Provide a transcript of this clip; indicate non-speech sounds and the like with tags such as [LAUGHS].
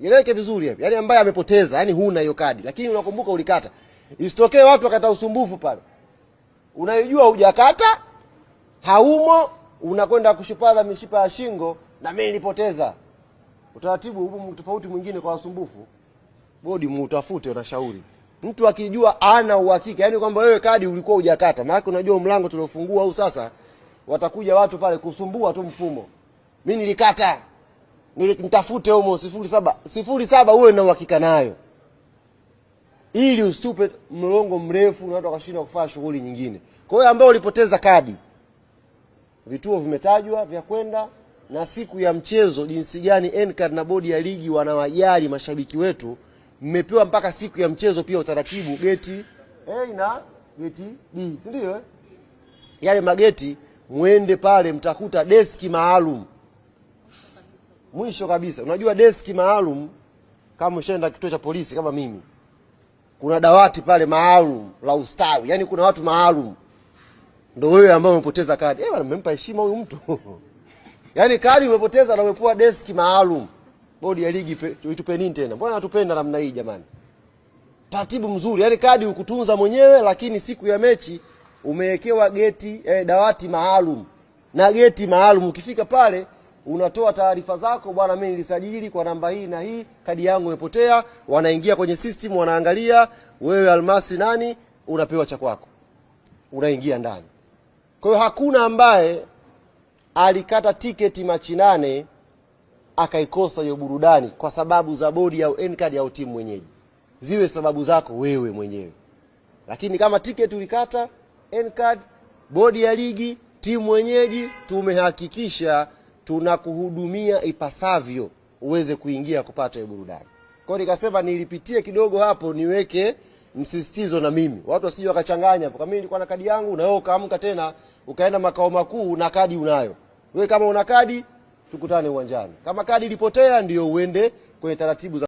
Ieleweke vizuri hapo. Yaani ambaye amepoteza, yani huna hiyo kadi, lakini unakumbuka ulikata. Isitokee watu wakata usumbufu pale. Unayojua hujakata, haumo, unakwenda kushupaza mishipa ya shingo na mimi nilipoteza. Utaratibu huu tofauti mwingine kwa wasumbufu. Bodi muutafute unashauri. Mtu akijua ana uhakika, yani kwamba wewe kadi ulikuwa hujakata, maana unajua mlango tuliofungua au sasa watakuja watu pale kusumbua tu mfumo. Mimi nilikata nitafute humo sifuri saba sifuri saba, uwe na uhakika nayo, ili usitupe mlongo mrefu na watu wakashinda kufanya shughuli nyingine. Kwa hiyo ambao ulipoteza kadi, vituo vimetajwa vya kwenda na siku ya mchezo, jinsi gani Encar na bodi ya ligi wanawajali mashabiki wetu. Mmepewa mpaka siku ya mchezo pia utaratibu geti A na geti B, si ndio? Eh? Yale mageti mwende pale, mtakuta deski maalum. Mwisho kabisa, unajua deski maalum, kama ushaenda kituo cha polisi kama mimi, kuna dawati pale maalum la ustawi, yani kuna watu maalum. Ndio wewe ambao umepoteza kadi, eh, mmempa heshima huyu mtu [LAUGHS] yani kadi umepoteza na umekuwa deski maalum. Bodi ya ligi tuitupe nini tena? Mbona hatupenda namna hii jamani? Taratibu mzuri, yani kadi ukutunza mwenyewe, lakini siku ya mechi umewekewa geti eh, dawati maalum na geti maalum, ukifika pale unatoa taarifa zako, bwana, mimi nilisajili kwa namba hii na hii, kadi yangu imepotea. Wanaingia kwenye system, wanaangalia wewe Almasi nani, unapewa cha kwako, unaingia ndani. Kwa hiyo hakuna ambaye alikata tiketi Machi nane akaikosa hiyo burudani kwa sababu za bodi au Ncard au timu mwenyeji, ziwe sababu zako wewe mwenyewe. Lakini kama tiketi ulikata Ncard, bodi ya ligi, timu mwenyeji, tumehakikisha tunakuhudumia ipasavyo uweze kuingia kupata burudani. Kwa hiyo nikasema nilipitie kidogo hapo niweke msisitizo na mimi watu wasije wakachanganya hapo. Kama nilikuwa na kadi yangu na wewe ukaamka tena ukaenda makao makuu na kadi unayo wewe, kama una kadi tukutane uwanjani. Kama kadi ilipotea, ndio uende kwenye taratibu za